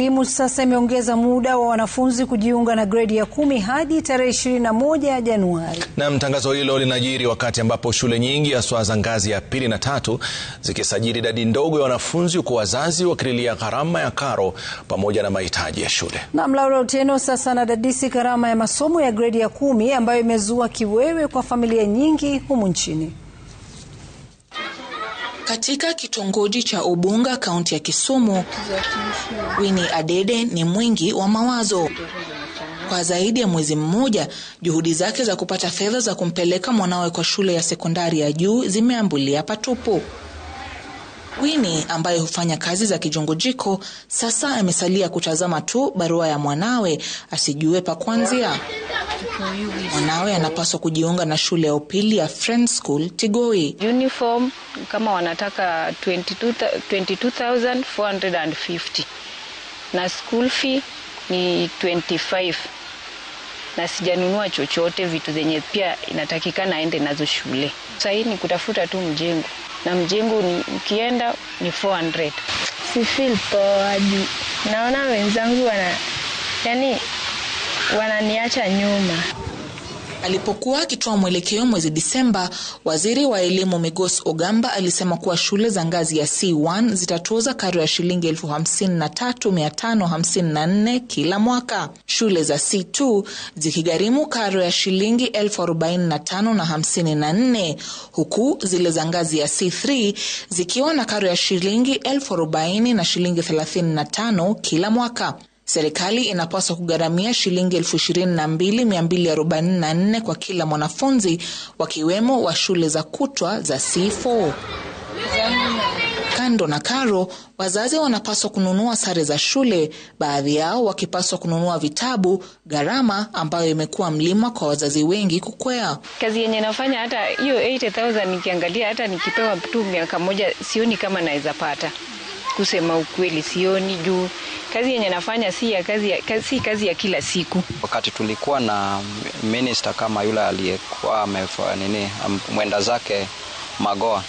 Elimu sasa imeongeza muda wa wanafunzi kujiunga na gredi ya kumi hadi tarehe 21 Januari. Naam, tangazo hilo linajiri wakati ambapo shule nyingi haswa za ngazi ya pili na tatu zikisajili idadi ndogo ya wanafunzi huku wazazi wakililia gharama ya karo pamoja na mahitaji ya shule. Naam, Laura Uteno sasa anadadisi gharama ya masomo ya gredi ya kumi ambayo imezua kiwewe kwa familia nyingi humu nchini. Katika kitongoji cha Ubunga, kaunti ya Kisumu, wini Adede ni mwingi wa mawazo. Kwa zaidi ya mwezi mmoja, juhudi zake za kupata fedha za kumpeleka mwanawe kwa shule ya sekondari ya juu zimeambulia patupu. Winnie ambaye hufanya kazi za kijungujiko sasa amesalia kutazama tu barua ya mwanawe asijue pa kuanzia. Mwanawe anapaswa kujiunga na shule ya upili ya Friends School Tigoi. Uniform kama wanataka 22, 22450 na school fee ni 25 na sijanunua chochote, vitu zenye pia inatakikana aende nazo shule. Sasa hii ni kutafuta tu mjengo, na mjengo ni ukienda ni 400. Si feel poa, naona wenzangu wana yani wananiacha nyuma. Alipokuwa akitoa mwelekeo mwezi Disemba, waziri wa elimu Migos Ogamba alisema kuwa shule za ngazi ya C1 zitatoza karo ya shilingi elfu hamsini na tatu mia tano hamsini na nne kila mwaka, shule za C2 zikigharimu karo ya shilingi elfu arobaini na tano na hamsini na nne huku zile za ngazi ya C3 zikiwa na karo ya shilingi elfu arobaini na shilingi thelathini na tano kila mwaka. Serikali inapaswa kugharamia shilingi elfu ishirini na mbili mia mbili arobaini na nne kwa kila mwanafunzi wakiwemo wa shule za kutwa za C4. Kando na karo, wazazi wanapaswa kununua sare za shule, baadhi yao wakipaswa kununua vitabu, gharama ambayo imekuwa mlima kwa wazazi wengi kukwea. Kazi yenye nafanya hata hiyo 80,000 nikiangalia, hata nikipewa tu miaka moja, sioni kama naweza pata. Kusema ukweli, sioni juu kazi yenye nafanya si ya kazi ya, si kazi ya kila siku. Wakati tulikuwa na minister kama yule aliyekuwa nini mwenda zake Magoa,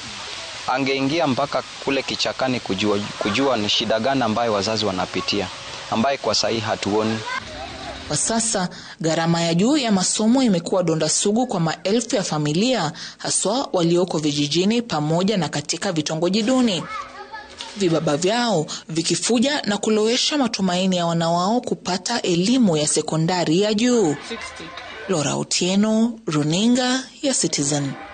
angeingia mpaka kule kichakani kujua, kujua ni shida gani ambayo wazazi wanapitia ambaye kwa sahii hatuoni. Kwa sasa gharama ya juu ya masomo imekuwa donda sugu kwa maelfu ya familia, haswa walioko vijijini pamoja na katika vitongoji duni vibaba vyao vikifuja na kulowesha matumaini ya wanawao kupata elimu ya sekondari ya juu. Lora Otieno, runinga ya Citizen.